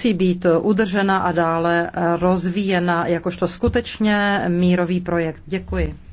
musí být udržena a dále rozvíjena jakožto skutečně mírový projekt. Děkuji.